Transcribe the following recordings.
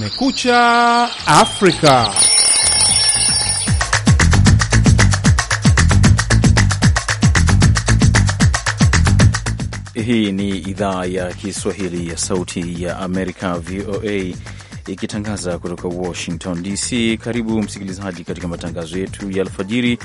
Mekucha Afrika. Hii ni idhaa ya Kiswahili ya Sauti ya Amerika, VOA, ikitangaza kutoka Washington DC. Karibu msikilizaji, katika matangazo yetu ya alfajiri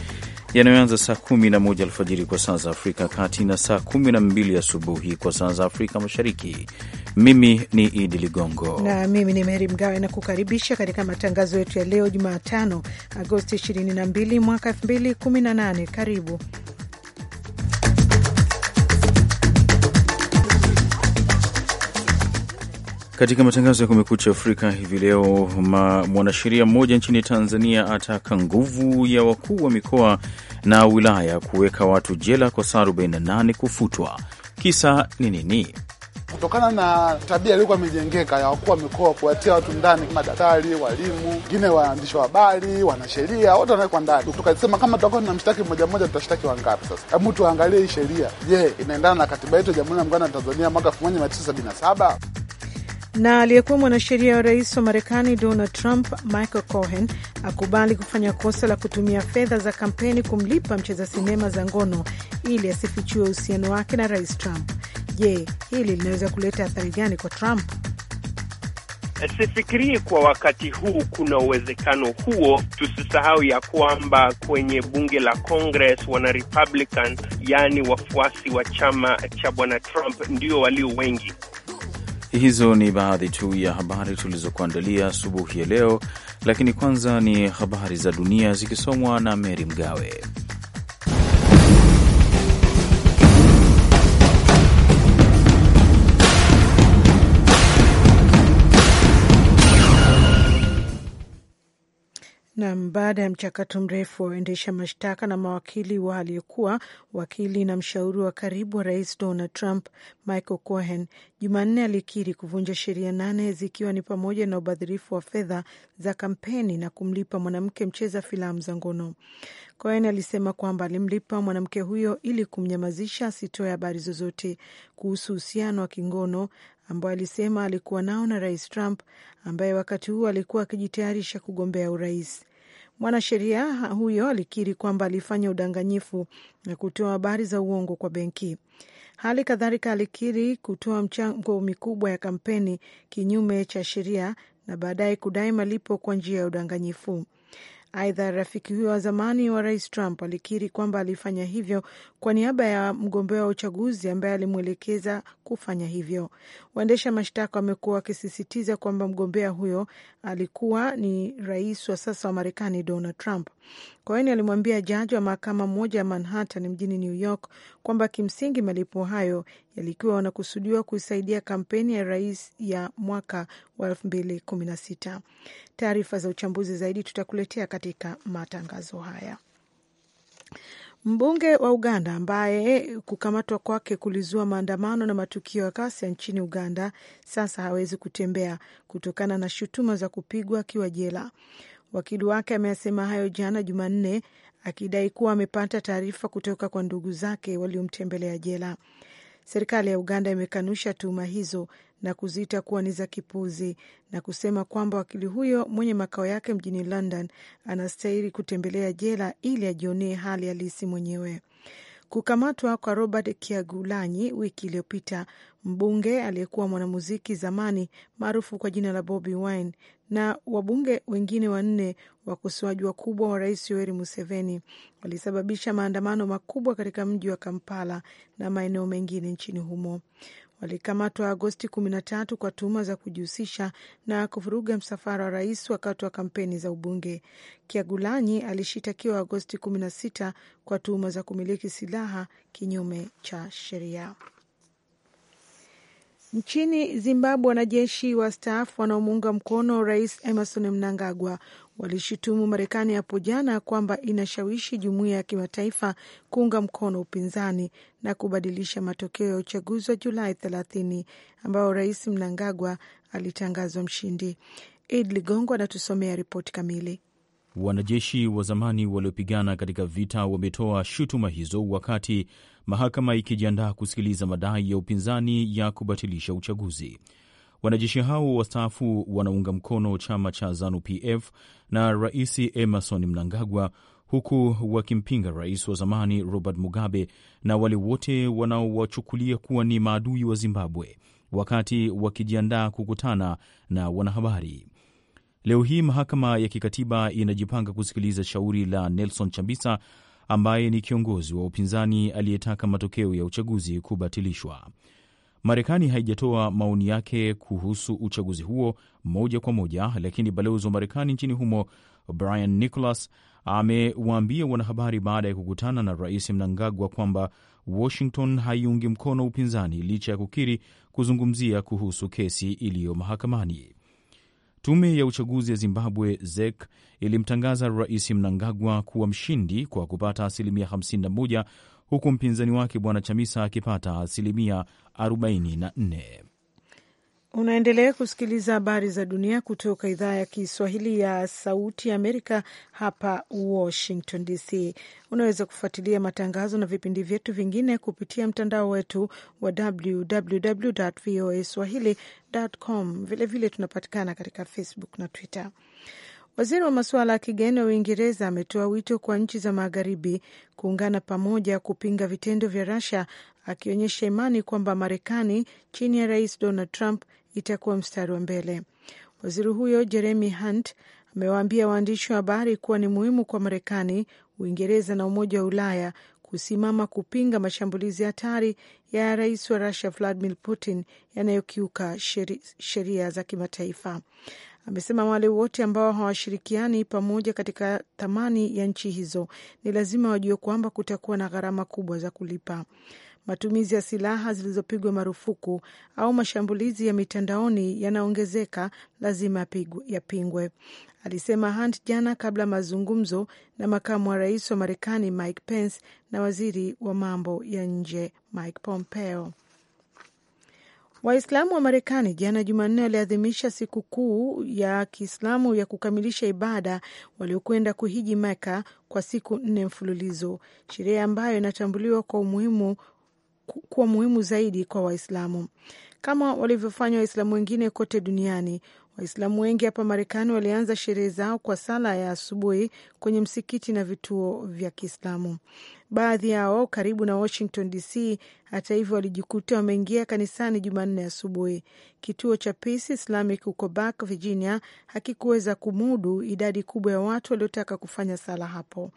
yanayoanza saa moja alfajiri kwa saa za Afrika Kati na saa 12 asubuhi kwa saa za Afrika Mashariki. Mimi ni Idi Ligongo na mimi ni Meri Mgawe na kukaribisha katika matangazo yetu ya leo Jumatano, Agosti 22 mwaka 2018. Karibu Katika matangazo ya Kumekucha Afrika hivi leo, mwanasheria mmoja nchini Tanzania ataka nguvu ya wakuu wa mikoa na wilaya kuweka watu jela kwa saa 48 kufutwa. Kisa ni nini? Kutokana na tabia iliyokuwa imejengeka ya wakuu wa mikoa kuwatia watu ndani, madaktari, walimu, wengine waandishi wa habari, wanasheria, wote wanawekwa ndani. Tukasema kama tutakuwa mshtaki mmoja mmoja, tutashtaki wangapi? Sasa hebu tuangalie hii sheria, je, inaendana na katiba yetu ya Jamhuri ya Muungano wa Tanzania mwaka 1977? Na aliyekuwa mwanasheria wa rais wa Marekani Donald Trump, Michael Cohen, akubali kufanya kosa la kutumia fedha za kampeni kumlipa mcheza sinema za ngono ili asifichue uhusiano wake na rais Trump. Je, hili linaweza kuleta athari gani kwa Trump? Sifikirii kwa wakati huu kuna uwezekano huo. Tusisahau ya kwamba kwenye bunge la Congress wana Republican, yaani wafuasi wa chama cha bwana Trump ndio walio wengi. Hizo ni baadhi tu ya habari tulizokuandalia asubuhi ya leo, lakini kwanza ni habari za dunia zikisomwa na Meri Mgawe. Nam, baada ya mchakato mrefu wa waendesha mashtaka na mawakili wa aliyekuwa wakili na mshauri wa karibu wa rais Donald Trump, Michael Cohen, Jumanne alikiri kuvunja sheria nane zikiwa ni pamoja na ubadhirifu wa fedha za kampeni na kumlipa mwanamke mcheza filamu za ngono. Cohen alisema kwamba alimlipa mwanamke huyo ili kumnyamazisha asitoe habari zozote kuhusu uhusiano wa kingono ambayo alisema alikuwa nao na rais Trump ambaye wakati huo alikuwa akijitayarisha kugombea urais. Mwanasheria huyo alikiri kwamba alifanya udanganyifu na kutoa habari za uongo kwa benki. Hali kadhalika alikiri kutoa mchango mikubwa ya kampeni kinyume cha sheria na baadaye kudai malipo kwa njia ya udanganyifu. Aidha, rafiki huyo wa zamani wa rais Trump alikiri kwamba alifanya hivyo kwa niaba ya mgombea wa uchaguzi ambaye alimwelekeza kufanya hivyo. Waendesha mashtaka wamekuwa wakisisitiza kwamba mgombea huyo alikuwa ni rais wa sasa wa Marekani, Donald Trump. Cohen alimwambia jaji wa mahakama mmoja ya Manhattan mjini New York kwamba kimsingi malipo hayo yalikuwa wanakusudiwa kuisaidia kampeni ya rais ya mwaka wa sita. Taarifa za uchambuzi zaidi tutakuletea katika matangazo haya. Mbunge wa Uganda ambaye kukamatwa kwake kulizua maandamano na matukio ya ghasia nchini Uganda sasa hawezi kutembea kutokana na shutuma za kupigwa akiwa jela. Wakili wake amesema hayo jana Jumanne, akidai kuwa amepata taarifa kutoka kwa ndugu zake waliomtembelea jela. Serikali ya Uganda imekanusha tuhuma hizo na kuziita kuwa ni za kipuzi na kusema kwamba wakili huyo mwenye makao yake mjini London anastahili kutembelea jela ili ajionee hali halisi mwenyewe. Kukamatwa kwa Robert Kiagulanyi wiki iliyopita, mbunge aliyekuwa mwanamuziki zamani maarufu kwa jina la Bobi Wine, na wabunge wengine wanne wakosoaji wakubwa wa Rais Yoweri Museveni walisababisha maandamano makubwa katika mji wa Kampala na maeneo mengine nchini humo walikamatwa Agosti 13 kwa tuhuma za kujihusisha na kuvuruga msafara wa rais wakati wa kampeni za ubunge. Kiagulanyi alishitakiwa Agosti 16 kwa tuhuma za kumiliki silaha kinyume cha sheria. Nchini Zimbabwe, wanajeshi wastaafu wanaomuunga mkono rais Emerson Mnangagwa walishutumu Marekani hapo jana kwamba inashawishi jumuiya ya kimataifa kuunga mkono upinzani na kubadilisha matokeo ya uchaguzi wa Julai 30 ambao Rais Mnangagwa alitangazwa mshindi. Id Ligongo anatusomea ripoti kamili. Wanajeshi wa zamani waliopigana katika vita wametoa shutuma hizo wakati mahakama ikijiandaa kusikiliza madai ya upinzani ya kubatilisha uchaguzi. Wanajeshi hao wastaafu wanaunga mkono chama cha ZANU-PF na Rais Emerson Mnangagwa, huku wakimpinga rais wa zamani Robert Mugabe na wale wote wanaowachukulia kuwa ni maadui wa Zimbabwe, wakati wakijiandaa kukutana na wanahabari. Leo hii mahakama ya kikatiba inajipanga kusikiliza shauri la Nelson Chamisa ambaye ni kiongozi wa upinzani aliyetaka matokeo ya uchaguzi kubatilishwa. Marekani haijatoa maoni yake kuhusu uchaguzi huo moja kwa moja, lakini balozi wa Marekani nchini humo Brian Nicholas amewaambia wanahabari baada ya kukutana na Rais Mnangagwa kwamba Washington haiungi mkono upinzani licha ya kukiri kuzungumzia kuhusu kesi iliyo mahakamani. Tume ya uchaguzi ya Zimbabwe ZEK ilimtangaza Rais Mnangagwa kuwa mshindi kwa kupata asilimia 51 huku mpinzani wake Bwana Chamisa akipata asilimia 44. Unaendelea kusikiliza habari za dunia kutoka idhaa ya Kiswahili ya Sauti ya Amerika hapa Washington DC. Unaweza kufuatilia matangazo na vipindi vyetu vingine kupitia mtandao wetu wa www voa swahili com. Vilevile tunapatikana katika Facebook na Twitter. Waziri wa masuala ya kigeni wa Uingereza ametoa wito kwa nchi za magharibi kuungana pamoja kupinga vitendo vya Russia, akionyesha imani kwamba Marekani chini ya Rais Donald Trump itakuwa mstari wa mbele. Waziri huyo Jeremy Hunt amewaambia waandishi wa habari kuwa ni muhimu kwa Marekani, Uingereza na Umoja wa Ulaya kusimama kupinga mashambulizi hatari ya rais wa Rusia Vladimir Putin yanayokiuka sheria za kimataifa. Amesema wale wote ambao hawashirikiani pamoja katika thamani ya nchi hizo ni lazima wajue kwamba kutakuwa na gharama kubwa za kulipa. Matumizi ya silaha zilizopigwa marufuku au mashambulizi ya mitandaoni yanaongezeka, lazima yapingwe, alisema Hunt jana kabla ya mazungumzo na makamu wa rais wa Marekani Mike Pence na waziri wa mambo ya nje Mike Pompeo. Waislamu wa Marekani jana Jumanne waliadhimisha siku kuu ya Kiislamu ya kukamilisha ibada waliokwenda kuhiji Meka kwa siku nne mfululizo, sherehe ambayo inatambuliwa kwa umuhimu kuwa muhimu zaidi kwa Waislamu kama walivyofanya Waislamu wengine kote duniani. Waislamu wengi hapa Marekani walianza sherehe zao kwa sala ya asubuhi kwenye msikiti na vituo vya Kiislamu. Baadhi yao karibu na Washington DC, hata hivyo, walijikuta wameingia kanisani Jumanne asubuhi. Kituo cha Peace Islamic huko Burke, Virginia, hakikuweza kumudu idadi kubwa ya watu waliotaka kufanya sala hapo.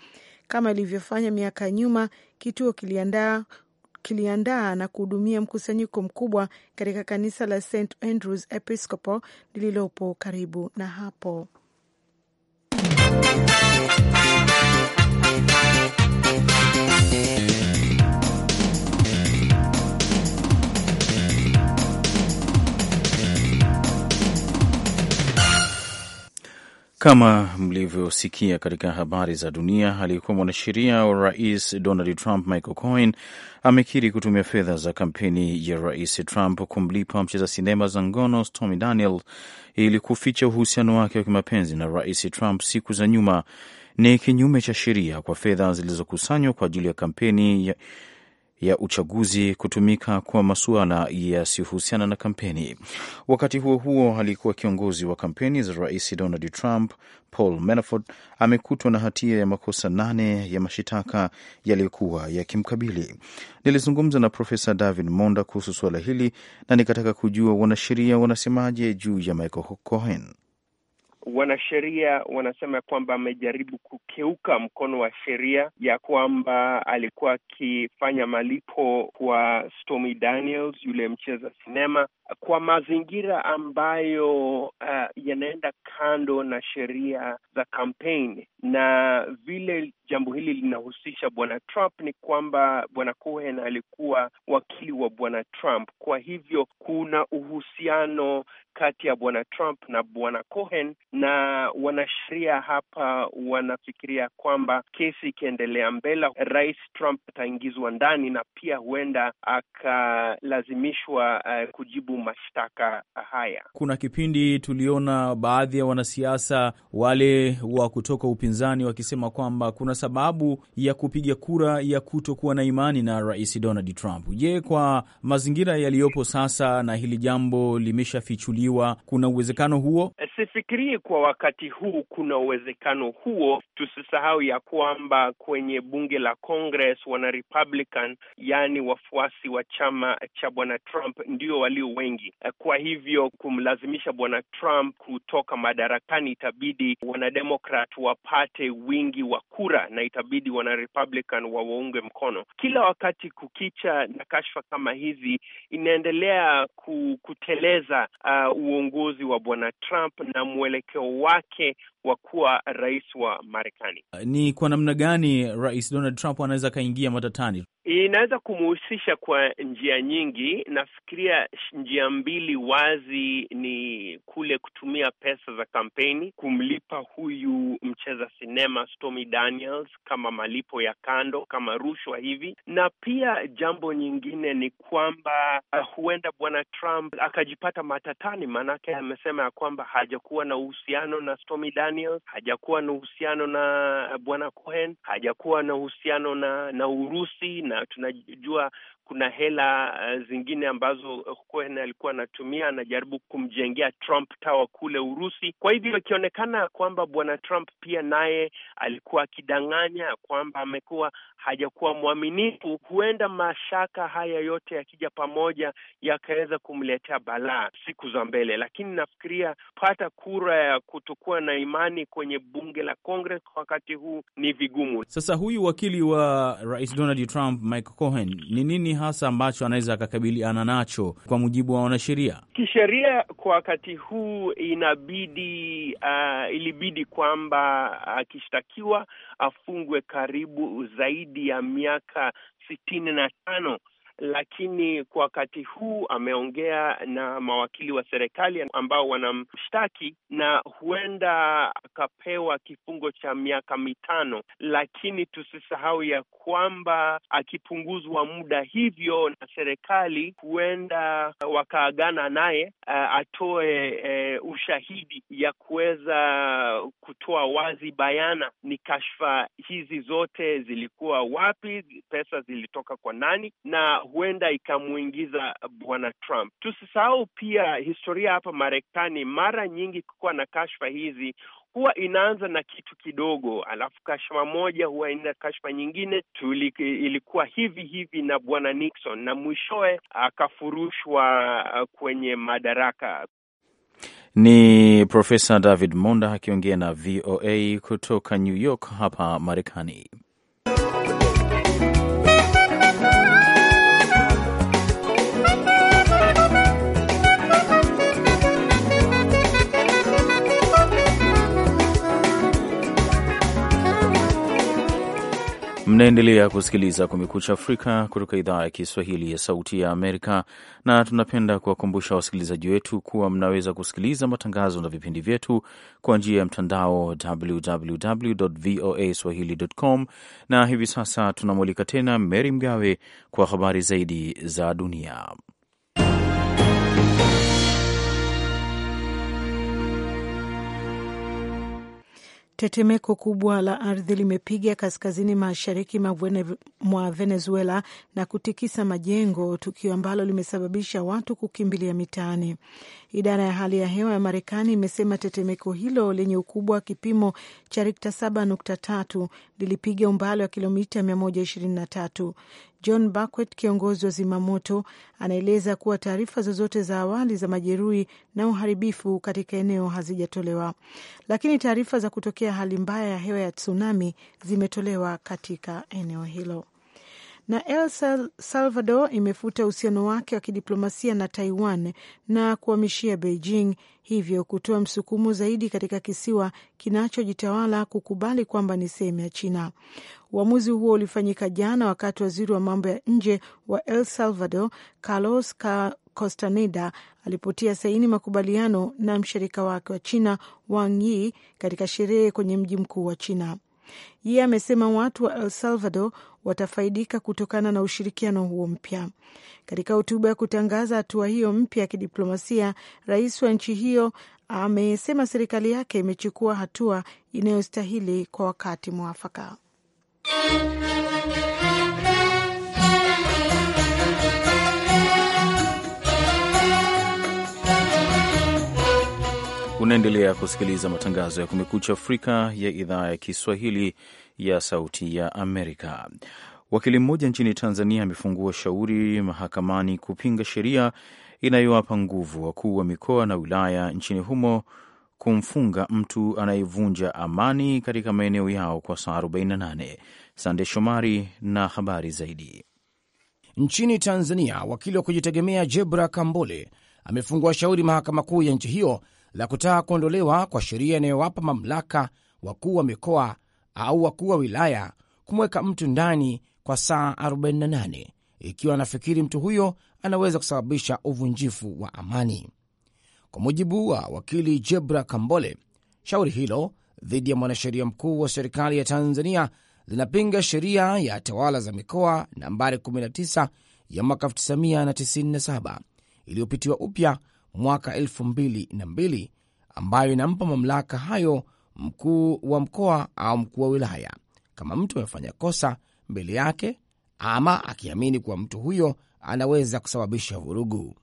Kama ilivyofanya miaka ya nyuma, kituo kiliandaa kiliandaa na kuhudumia mkusanyiko mkubwa katika kanisa la St Andrews Episcopal lililopo karibu na hapo Kama mlivyosikia katika habari za dunia, aliyekuwa mwanasheria wa rais Donald Trump Michael Cohen amekiri kutumia fedha za kampeni ya rais Trump kumlipa mcheza sinema za ngono Stormy Daniel ili kuficha uhusiano wake wa kimapenzi na rais Trump siku za nyuma. Ni kinyume cha sheria kwa fedha zilizokusanywa kwa ajili ya kampeni ya uchaguzi kutumika kwa masuala yasiyohusiana na kampeni. Wakati huo huo, aliyekuwa kiongozi wa kampeni za rais Donald Trump, Paul Manafort, amekutwa na hatia ya makosa nane ya mashitaka yaliyokuwa yakimkabili. Nilizungumza na Profesa David Monda kuhusu suala hili na nikataka kujua wanasheria wanasemaje juu ya Michael Cohen wanasheria wanasema kwamba amejaribu kukeuka mkono wa sheria ya kwamba alikuwa akifanya malipo kwa Stormy Daniels, yule mcheza sinema, kwa mazingira ambayo uh, yanaenda kando na sheria za kampeni, na vile jambo hili linahusisha bwana Trump ni kwamba bwana Cohen alikuwa wakili wa bwana Trump. Kwa hivyo kuna uhusiano kati ya bwana Trump na bwana Cohen na wanasheria hapa wanafikiria kwamba kesi ikiendelea mbele, Rais Trump ataingizwa ndani na pia huenda akalazimishwa uh, kujibu mashtaka haya. Kuna kipindi tuliona baadhi ya wanasiasa wale wa kutoka upinzani wakisema kwamba kuna sababu ya kupiga kura ya kutokuwa na imani na Rais Donald Trump. Je, kwa mazingira yaliyopo sasa na hili jambo limeshafichuliwa, kuna uwezekano huo? Eh, sifikirii lakini kwa wakati huu kuna uwezekano huo. Tusisahau ya kwamba kwenye bunge la Congress wana Republican, yaani wafuasi wa chama cha bwana Trump ndio walio wengi. Kwa hivyo kumlazimisha bwana Trump kutoka madarakani, itabidi wanademokrat wapate wingi wa kura na itabidi wana Republican wawaunge mkono. Kila wakati kukicha na kashfa kama hizi inaendelea kuteleza uh, uongozi wa bwana Trump na mwele mwelekeo wake wa kuwa rais wa Marekani. Uh, ni kwa namna gani Rais Donald Trump anaweza akaingia matatani? Inaweza kumuhusisha kwa njia nyingi. Nafikiria njia mbili wazi ni kule kutumia pesa za kampeni, kumlipa huyu mcheza sinema Stormy Daniels kama malipo ya kando, kama rushwa hivi. Na pia jambo nyingine ni kwamba uh, huenda bwana Trump akajipata matatani, maanake amesema ya kwamba hajakuwa na uhusiano na Stormy Daniels Daniels, hajakuwa na uhusiano na bwana Cohen, hajakuwa na uhusiano na na Urusi, na tunajua kuna hela uh, zingine ambazo Cohen eh, alikuwa anatumia, anajaribu kumjengea Trump Tower kule Urusi. Kwa hivyo ikionekana kwamba bwana Trump pia naye alikuwa akidanganya kwamba amekuwa hajakuwa mwaminifu, huenda mashaka haya yote yakija pamoja yakaweza kumletea balaa siku za mbele. Lakini nafikiria pata kura ya kutokuwa na imani kwenye bunge la Congress wakati huu ni vigumu. Sasa huyu wakili wa rais Donald Trump Mike Cohen ni nini hasa ambacho anaweza akakabiliana nacho kwa mujibu wa wanasheria kisheria? Kwa wakati huu inabidi uh, ilibidi kwamba akishtakiwa uh, afungwe karibu zaidi ya miaka sitini na tano lakini kwa wakati huu ameongea na mawakili wa serikali ambao wanamshtaki na huenda akapewa kifungo cha miaka mitano, lakini tusisahau ya kwamba akipunguzwa muda hivyo na serikali, huenda wakaagana naye atoe uh, ushahidi ya kuweza kutoa wazi bayana ni kashfa hizi zote zilikuwa wapi, pesa zilitoka kwa nani na huenda ikamuingiza bwana Trump. Tusisahau pia historia hapa Marekani, mara nyingi kukuwa na kashfa hizi huwa inaanza na kitu kidogo, alafu kashfa moja huwa ina kashfa nyingine. Tuli, ilikuwa hivi hivi na bwana Nixon na mwishowe akafurushwa uh, kwenye madaraka. Ni Profesa David Monda akiongea na VOA kutoka New York hapa Marekani. Mnaendelea kusikiliza Kumekucha Afrika kutoka idhaa ya Kiswahili ya Sauti ya Amerika, na tunapenda kuwakumbusha wasikilizaji wetu kuwa mnaweza kusikiliza matangazo na vipindi vyetu kwa njia ya mtandao voa www.voaswahili.com, na hivi sasa tunamwalika tena Mary Mgawe kwa habari zaidi za dunia. Tetemeko kubwa la ardhi limepiga kaskazini mashariki mwa Venezuela na kutikisa majengo, tukio ambalo limesababisha watu kukimbilia mitaani. Idara ya hali ya hewa ya Marekani imesema tetemeko hilo lenye ukubwa wa kipimo cha rikta 7.3 lilipiga umbali wa kilomita John Bakwet, kiongozi wa zimamoto, anaeleza kuwa taarifa zozote za awali za majeruhi na uharibifu katika eneo hazijatolewa, lakini taarifa za kutokea hali mbaya ya hewa ya tsunami zimetolewa katika eneo hilo. Na El Salvador imefuta uhusiano wake wa kidiplomasia na Taiwan na kuhamishia Beijing, hivyo kutoa msukumo zaidi katika kisiwa kinachojitawala kukubali kwamba ni sehemu ya China. Uamuzi huo ulifanyika jana wakati waziri wa mambo ya nje wa El Salvador Carlos costaneda alipotia saini makubaliano na mshirika wake wa China Wang Yi katika sherehe kwenye mji mkuu wa China. Yeye amesema watu wa El Salvador watafaidika kutokana na ushirikiano huo mpya. Katika hotuba ya kutangaza hatua hiyo mpya ya kidiplomasia, rais wa nchi hiyo amesema serikali yake imechukua hatua inayostahili kwa wakati mwafaka. Unaendelea kusikiliza matangazo ya Kumekucha Afrika ya idhaa ya Kiswahili ya Sauti ya Amerika. Wakili mmoja nchini Tanzania amefungua shauri mahakamani kupinga sheria inayowapa nguvu wakuu wa mikoa na wilaya nchini humo kumfunga mtu anayevunja amani katika maeneo yao kwa saa 48. Sande Shomari na habari zaidi. Nchini Tanzania, wakili wa kujitegemea Jebra Kambole amefungua shauri mahakama kuu ya nchi hiyo la kutaka kuondolewa kwa sheria inayowapa mamlaka wakuu wa mikoa au wakuu wa wilaya kumweka mtu ndani kwa saa 48 ikiwa anafikiri mtu huyo anaweza kusababisha uvunjifu wa amani. Kwa mujibu wa wakili Jebra Kambole, shauri hilo dhidi ya mwanasheria mkuu wa serikali ya Tanzania linapinga sheria ya tawala za mikoa nambari 19 ya mwaka 1997 iliyopitiwa upya mwaka 2002 ambayo inampa mamlaka hayo mkuu wa mkoa au mkuu wa wilaya kama mtu amefanya kosa mbele yake ama akiamini kuwa mtu huyo anaweza kusababisha vurugu.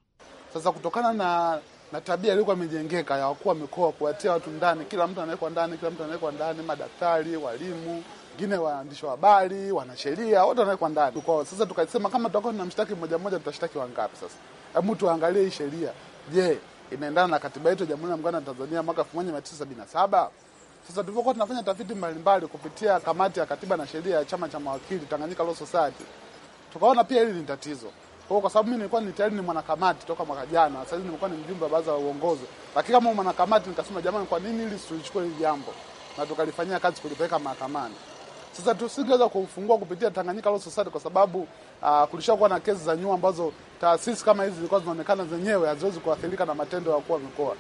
Sasa kutokana na na tabia ilikuwa imejengeka ya wakuu wa mikoa kuwatia watu ndani, kila mtu anawekwa ndani, kila mtu anawekwa ndani, madaktari, walimu wengine waandishi wa habari, wanasheria, wote wanawekwa ndani. Kwa sasa tukasema kama tutakuwa mshtaki mmoja mmoja, tutashtaki wangapi? Sasa hebu tuangalie hii sheria, je, inaendana na katiba yetu ya Jamhuri ya Muungano wa Tanzania mwaka 1977? Sasa tulivyokuwa tunafanya tafiti mbalimbali kupitia kamati ya katiba na sheria ya chama cha mawakili Tanganyika Law Society, tukaona pia hili ni tatizo. Kwa kwa sababu mimi nilikuwa ni tayari ni mwanakamati toka mwaka jana, sasa hivi nimekuwa ni mjumbe wa baraza la uongozi. Lakini kama mwanakamati nikasema jamani, kwa nini ili tulichukue hili jambo na tukalifanyia kazi kulipeleka mahakamani? Sasa tusingeweza kufungua kupitia Tanganyika Law Society kwa sababu uh, kulishakuwa na kesi za nyuma ambazo taasisi kama hizi zilikuwa zinaonekana zenyewe haziwezi kuathirika na matendo ya kuwa mikoa.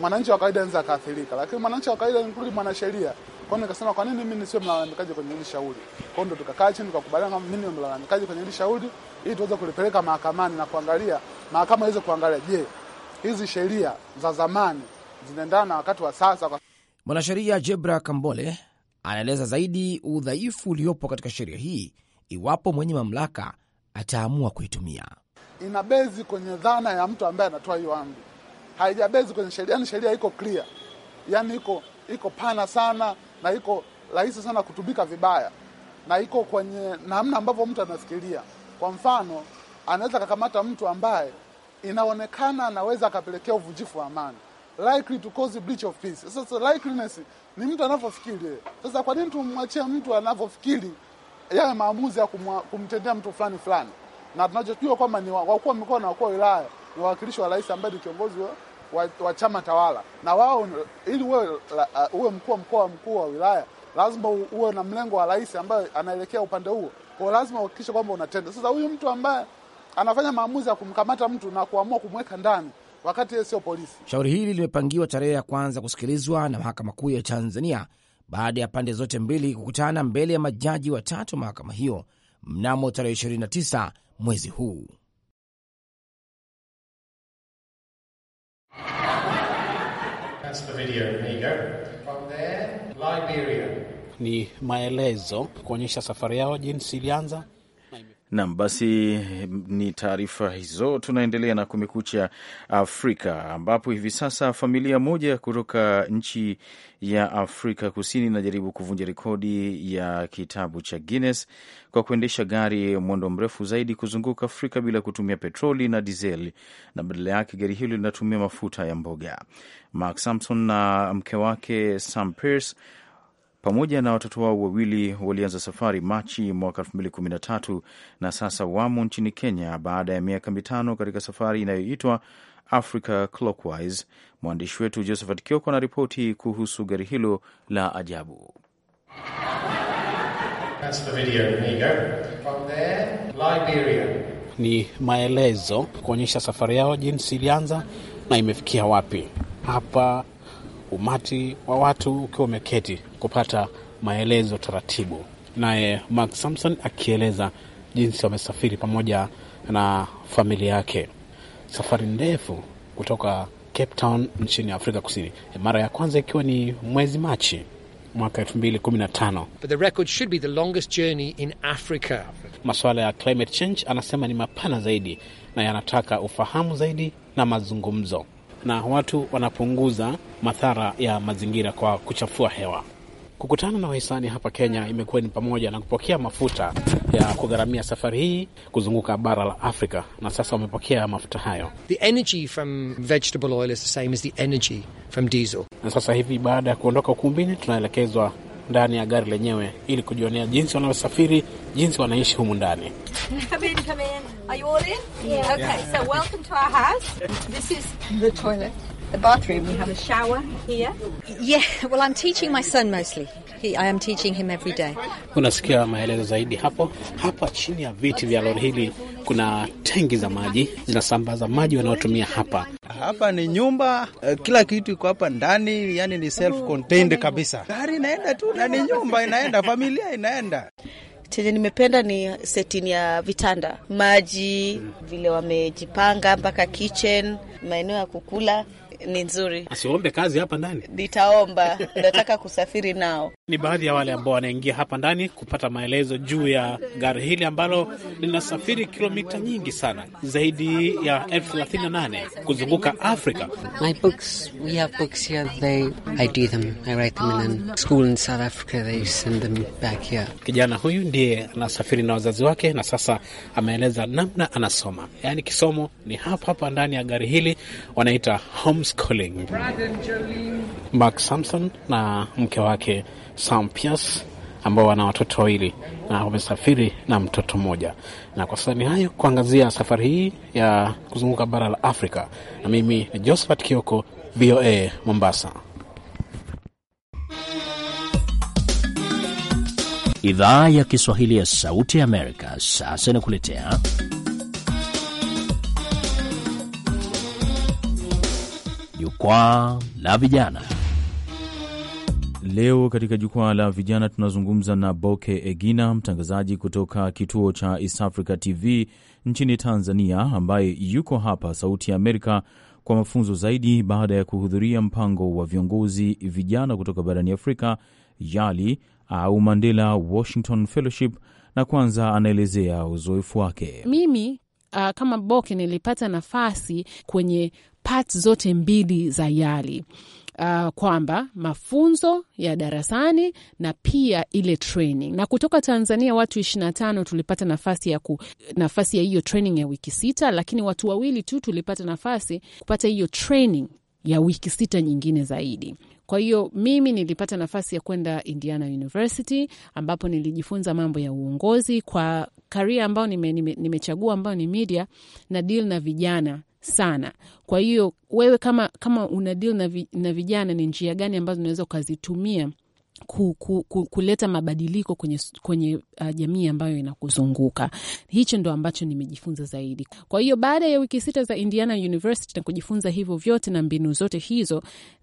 Mwananchi wa kawaida anaweza akaathirika, lakini mwananchi wa kawaida ni mwanasheria kwa hiyo nikasema kwa nini mimi nisiwe mlalamikaji kwenye hili shauri? Kwa hiyo tukakaa chini tukakubaliana kama mimi ni mlalamikaji kwenye hili shauri ili tuweze kulipeleka mahakamani na kuangalia mahakama iweze kuangalia je, hizi sheria za zamani zinaendana na wakati wa sasa kwa... Mwanasheria Jebra Kambole anaeleza zaidi udhaifu uliopo katika sheria hii iwapo mwenye mamlaka ataamua kuitumia. Ina bezi kwenye dhana ya mtu ambaye anatoa hiyo amri, haijabezi kwenye sheria. Yani sheria iko clear, yani iko iko pana sana na iko rahisi sana kutubika vibaya, na iko kwenye namna ambavyo mtu anafikiria. Kwa mfano, anaweza akakamata mtu ambaye inaonekana anaweza akapelekea uvujifu wa amani, likely to cause breach of peace. Sasa likeliness ni mtu anavyofikiri. Sasa kwa nini tumwachie mtu anavyofikiri yale maamuzi ya kumtendea mtu fulani fulani? Na tunachojua kwamba ni wakuu wa mikoa na wakuu wa wilaya ni wawakilishi wa rais ambaye ni kiongozi wa wa, wa chama tawala, na wao ili uwe, uwe mkuu wa mkoa, mkuu wa wilaya, lazima uwe na mlengo wa rais ambaye anaelekea upande huo, kwa lazima uhakikishe kwamba unatenda. Sasa huyu mtu ambaye anafanya maamuzi ya kumkamata mtu na kuamua kumweka ndani wakati yeye sio polisi. Shauri hili limepangiwa tarehe ya kwanza kusikilizwa na mahakama kuu ya Tanzania baada ya pande zote mbili kukutana mbele ya majaji watatu mahakama hiyo mnamo tarehe 29 mwezi huu. That's the video. There you go. From there, Liberia. Ni maelezo kuonyesha safari yao jinsi ilianza Nam, basi ni taarifa hizo. Tunaendelea na Kumekucha Afrika, ambapo hivi sasa familia moja kutoka nchi ya Afrika Kusini inajaribu kuvunja rekodi ya kitabu cha Guinness kwa kuendesha gari mwendo mrefu zaidi kuzunguka Afrika bila kutumia petroli na dizeli, na badala yake gari hilo linatumia mafuta ya mboga. Mark Sampson na mke wake Sam Pierce pamoja na watoto wao wawili walianza safari Machi mwaka 2013 na sasa wamo nchini Kenya baada ya miaka mitano katika safari inayoitwa Africa Clockwise. Mwandishi wetu Josephat Kioko anaripoti kuhusu gari hilo la ajabu. That's the video. There you go. From there, Liberia. Ni maelezo kuonyesha safari yao jinsi ilianza na imefikia wapi. Hapa umati wa watu ukiwa umeketi kupata maelezo taratibu, naye Mark Samson akieleza jinsi wamesafiri pamoja na familia yake, safari ndefu kutoka Cape Town nchini Afrika Kusini, mara ya kwanza ikiwa ni mwezi Machi mwaka 215 But the record should be the longest journey in Africa. Masuala ya climate change anasema ni mapana zaidi na yanataka ufahamu zaidi na mazungumzo, na watu wanapunguza madhara ya mazingira kwa kuchafua hewa. Kukutana na wahisani hapa Kenya imekuwa ni pamoja na kupokea mafuta ya kugharamia safari hii kuzunguka bara la Afrika, na sasa wamepokea mafuta hayo. The energy from vegetable oil is the same as the energy from diesel. Na sasa hivi baada ya kuondoka ukumbini, tunaelekezwa ndani ya gari lenyewe ili kujionea jinsi wanavyosafiri, jinsi wanaishi humu ndani the bathroom. We have a shower here. Yeah, well I'm teaching my son mostly. He, I am teaching him every day. Unasikia maelezo zaidi hapo. Hapa chini ya viti vya lori hili kuna tengi za maji zinasambaza maji wanaotumia hapa. Hapa ni nyumba, eh, kila kitu iko hapa ndani, yani ni self contained kabisa. Gari inaenda tu na ni nyumba inaenda, familia inaenda chenye nimependa ni setini ya vitanda, maji, vile wamejipanga mpaka kitchen, maeneo ya kukula ni nzuri. Asiombe kazi hapa ndani, nitaomba nataka kusafiri nao. Ni baadhi ya wale ambao wanaingia hapa ndani kupata maelezo juu ya gari hili ambalo linasafiri kilomita nyingi sana, zaidi ya elfu thelathini na nane kuzunguka Afrika. Kijana huyu ndiye anasafiri na wazazi wake, na sasa ameeleza namna anasoma, yaani kisomo ni hapa hapa ndani ya gari hili wanaita homes Grace Colling. Mark Samson na mke wake Sam Pierce ambao wana watoto wawili na wamesafiri na mtoto mmoja. Na kwa sasa ni hayo kuangazia safari hii ya kuzunguka bara la Afrika, na mimi ni Josephat Kioko, VOA Mombasa. Idhaa ya Kiswahili ya Sauti ya Amerika sasa inakuletea Jukwaa la Vijana. Leo katika Jukwaa la Vijana tunazungumza na Boke Egina, mtangazaji kutoka kituo cha East Africa TV nchini Tanzania, ambaye yuko hapa Sauti ya Amerika kwa mafunzo zaidi baada ya kuhudhuria mpango wa viongozi vijana kutoka barani Afrika, YALI au Mandela Washington Fellowship, na kwanza anaelezea uzoefu wake. Mimi uh, kama Boke nilipata nafasi kwenye parts zote mbili za YALI. Uh, kwamba mafunzo ya darasani na pia ile training. Na kutoka Tanzania watu ishirini na tano tulipata nafasi ya ku, nafasi ya hiyo training ya wiki sita, lakini watu wawili tu tulipata nafasi kupata hiyo training ya wiki sita nyingine zaidi. Kwa hiyo mimi nilipata nafasi ya kwenda Indiana University ambapo nilijifunza mambo ya uongozi kwa karia ambayo nimechagua nime, nime ambayo ni media na deal na vijana sana. Kwa hiyo wewe kama, kama una deal na vijana, ni njia gani ambazo unaweza ukazitumia ku, ku, ku, kuleta mabadiliko kwenye, kwenye uh, jamii ambayo inakuzunguka. Hicho ndo ambacho nimejifunza zaidi. Kwa hiyo baada ya wiki sita za Indiana University na kujifunza hivyo vyote na mbinu zote hizo,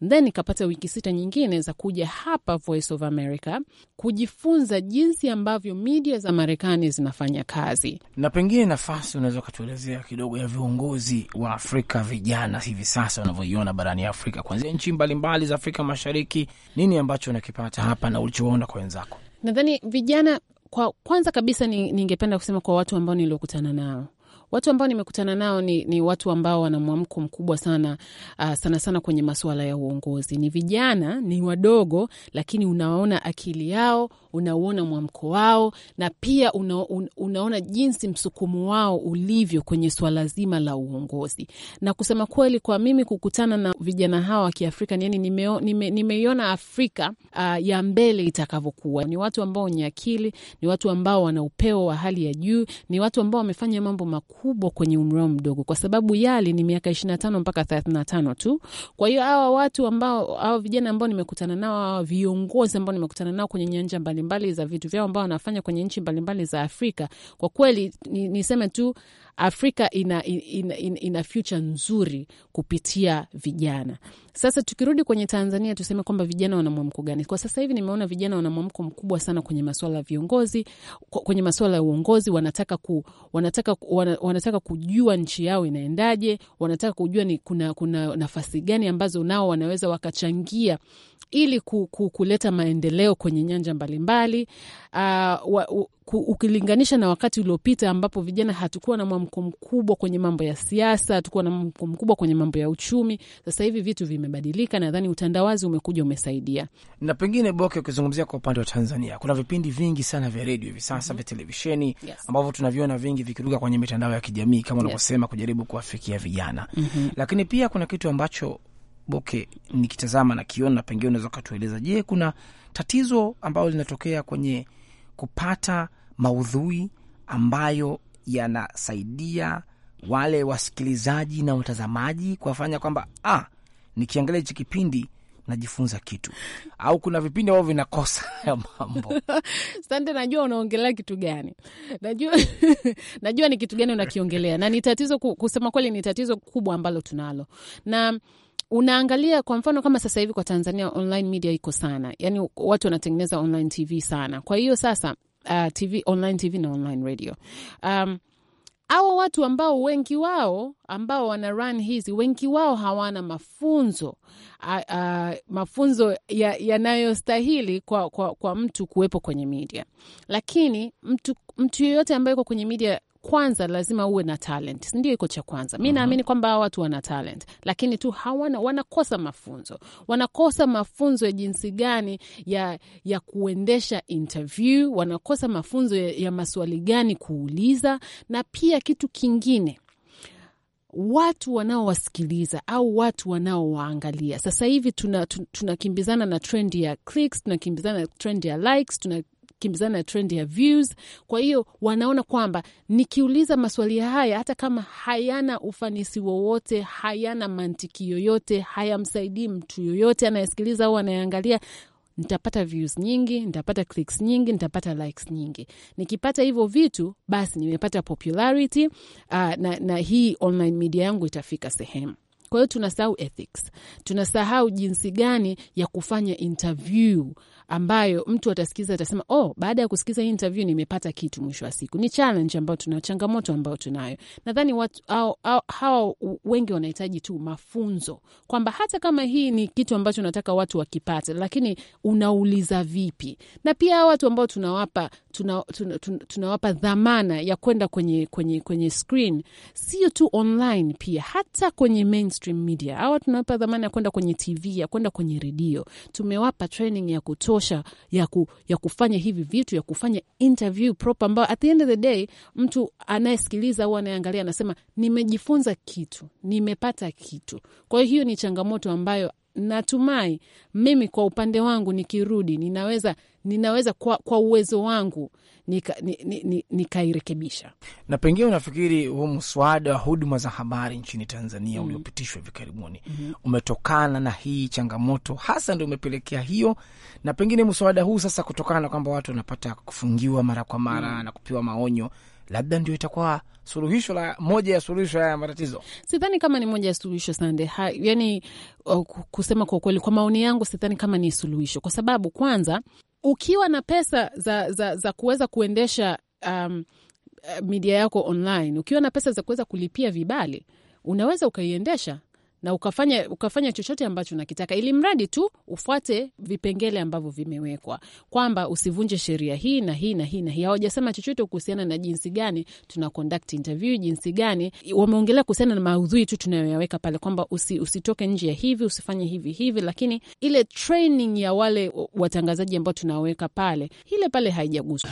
then nikapata wiki sita nyingine za kuja hapa Voice of America kujifunza jinsi ambavyo media za Marekani zinafanya kazi. Na pengine nafasi unaweza ukatuelezea kidogo ya viongozi wa Afrika vijana hivi sasa wanavyoiona barani Afrika, kuanzia nchi mbalimbali za Afrika Mashariki, nini ambacho unakipata hapa na ulichoona kwa wenzako? Nadhani vijana kwa kwanza kabisa ningependa ni kusema kwa watu ambao niliokutana nao Watu ambao nimekutana nao ni, ni watu ambao wana mwamko mkubwa sana, uh, sana sana kwenye masuala ya uongozi. Ni vijana, ni wadogo, lakini unaona akili yao, unauona mwamko wao, na pia una, un, unaona jinsi msukumo wao ulivyo kwenye swala zima la uongozi. Na kusema kweli, kwa mimi kukutana na vijana hawa wa Kiafrika, yani nimeiona nime, nime Afrika uh, ya mbele itakavyokuwa. Ni watu ambao wenye akili, ni watu ambao wana upeo wa hali ya juu, ni watu ambao wamefanya mambo makubwa mkubwa kwenye umri wao mdogo, kwa sababu Yali ni miaka 25 mpaka 35 tu. Kwa hiyo hawa watu ambao, hawa vijana ambao nimekutana nao, hawa viongozi ambao nimekutana nao kwenye nyanja mbalimbali za vitu vyao ambao wanafanya kwenye nchi mbalimbali za Afrika, kwa kweli niseme tu Afrika ina, ina, ina, ina future nzuri kupitia vijana. Sasa tukirudi kwenye Tanzania, tuseme kwamba vijana wana mwamko gani kwa sasa hivi? Nimeona vijana wana mwamko mkubwa sana kwenye masuala ya viongozi, kwenye masuala ya uongozi. Wanataka, ku, wanataka, wana, wanataka kujua nchi yao inaendaje, wanataka kujua ni kuna, kuna nafasi gani ambazo nao wanaweza wakachangia ili ku, ku, kuleta maendeleo kwenye nyanja mbalimbali mbali. Ah, uh, ukilinganisha na wakati uliopita ambapo vijana hatukuwa na mwamko mkubwa kwenye mambo ya siasa, hatukuwa na mwamko mkubwa kwenye mambo ya uchumi. Sasa hivi vitu vimebadilika, nadhani utandawazi umekuja umesaidia. Na pengine Boke, ukizungumzia kwa upande wa Tanzania, kuna vipindi vingi sana vya redio hivi sasa, mm -hmm. vya mhm. televisheni yes. ambavyo tunaviona vingi vikiruka kwenye mitandao ya kijamii kama unavyosema, yes. kujaribu kuwafikia vijana mm -hmm. lakini pia kuna kitu ambacho Boke nikitazama na pengine unaweza ukatueleza, je, kuna tatizo ambalo linatokea kwenye kupata maudhui ambayo yanasaidia wale wasikilizaji na watazamaji kuwafanya kwamba ah, nikiangalia hichi kipindi najifunza kitu au kuna vipindi ambavyo vinakosa ya mambo. Sante, najua unaongelea kitu gani, najua najua ni kitu gani unakiongelea, na ni tatizo, kusema kweli, ni tatizo kubwa ambalo tunalo na unaangalia kwa mfano kama sasa hivi kwa Tanzania online media iko sana, yani watu wanatengeneza online TV sana. Kwa hiyo sasa uh, TV, online TV na online radio um, awa watu ambao wengi wao ambao wana run hizi wengi wao hawana mafunzo uh, uh, mafunzo yanayostahili ya kwa, kwa, kwa mtu kuwepo kwenye media, lakini mtu, mtu yeyote ambaye yuko kwenye media kwanza lazima uwe na talent, ndio iko cha kwanza. Mi mhm. naamini kwamba hawa watu wana talent, lakini tu hawana, wanakosa mafunzo, wanakosa mafunzo ya jinsi gani ya, ya kuendesha interview, wanakosa mafunzo ya, ya maswali gani kuuliza, na pia kitu kingine watu wanaowasikiliza au watu wanaowaangalia. Sasa hivi tunakimbizana tuna, tuna na trendi ya clicks, tunakimbizana na trendi ya likes, tuna kukimbizana na trendi ya views. Kwa hiyo wanaona kwamba nikiuliza maswali haya, hata kama hayana ufanisi wowote, hayana mantiki yoyote, hayamsaidii mtu yoyote anayesikiliza au anayeangalia Nitapata views nyingi, nitapata clicks nyingi, nitapata likes nyingi. Nikipata hivyo vitu, basi nimepata popularity uh, na, na hii online media yangu itafika sehemu. Kwa hiyo tunasahau ethics, tunasahau jinsi gani ya kufanya interview ambayo mtu atasikiza atasema, oh, baada ya kusikiza hii interview nimepata kitu. Mwisho wa siku ni challenge ambayo tuna changamoto ambayo tunayo. Nadhani hawa wengi wanahitaji tu mafunzo kwamba hata kama hii ni kitu ambacho nataka watu wakipate, lakini unauliza vipi? Na pia watu ambao tunawapa tuna, tuna, tuna, tuna dhamana ya kwenda kwenye, kwenye, kwenye screen, sio tu online, pia hata kwenye mainstream media. Hawa tunawapa dhamana ya kwenda kwenye TV, ya kwenda kwenye redio. Tumewapa training ya kutosha kutosha ya, ku, ya kufanya hivi vitu ya kufanya interview proper, ambayo at the end of the day mtu anayesikiliza au anayeangalia anasema nimejifunza kitu, nimepata kitu. Kwa hiyo hiyo ni changamoto ambayo natumai mimi kwa upande wangu nikirudi, ninaweza ninaweza kwa, kwa uwezo wangu nikairekebisha ni, ni Na pengine unafikiri huu mswada wa huduma za habari nchini Tanzania mm. uliopitishwa hivi karibuni mm -hmm. umetokana na hii changamoto hasa ndio umepelekea hiyo, na pengine mswada huu sasa, kutokana na kwamba watu wanapata kufungiwa mara kwa mara mm. na kupewa maonyo labda ndio itakuwa suluhisho la moja ya suluhisho haya matatizo. Sidhani kama ni moja ya suluhisho sande ha, yani uh, kusema kwa ukweli, kwa maoni yangu sidhani kama ni suluhisho, kwa sababu kwanza ukiwa na pesa za, za, za kuweza kuendesha um, media yako online, ukiwa na pesa za kuweza kulipia vibali, unaweza ukaiendesha na ukafanya, ukafanya chochote ambacho unakitaka, ili mradi tu ufuate vipengele ambavyo vimewekwa kwamba usivunje sheria hii na hii na hii na hii. Hawajasema chochote kuhusiana na jinsi gani tuna conduct interview, jinsi gani wameongelea kuhusiana na maudhui tu tunayoyaweka pale kwamba usi, usitoke nje ya hivi, usifanye hivi hivi, lakini ile training ya wale watangazaji ambao tunaweka pale, ile pale haijaguswa.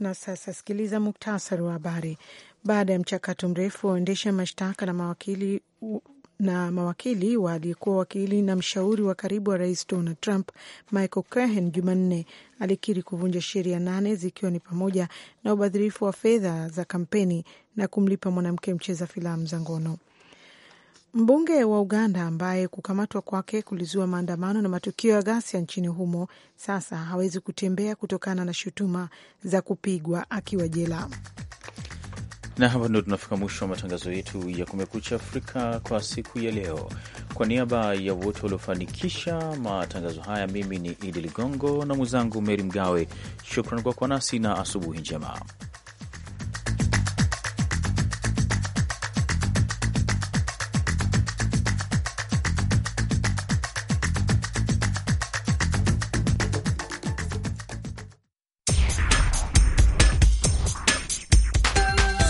Na sasa sikiliza muktasari wa habari. Baada ya mchakato mrefu wa waendesha mashtaka na mawakili na mawakili wa aliyekuwa wakili na mshauri wa karibu wa rais Donald Trump, Michael Cohen, Jumanne alikiri kuvunja sheria nane zikiwa ni pamoja na ubadhirifu wa fedha za kampeni na kumlipa mwanamke mcheza filamu za ngono. Mbunge wa Uganda ambaye kukamatwa kwake kulizua maandamano na matukio ya ghasia nchini humo, sasa hawezi kutembea kutokana na shutuma za kupigwa akiwa jela. Na hapa ndio tunafika mwisho wa matangazo yetu ya Kumekucha Afrika kwa siku ya leo. Kwa niaba ya wote waliofanikisha matangazo haya, mimi ni Idi Ligongo na mwenzangu Meri Mgawe. Shukran kwa kuwa nasi na asubuhi njema.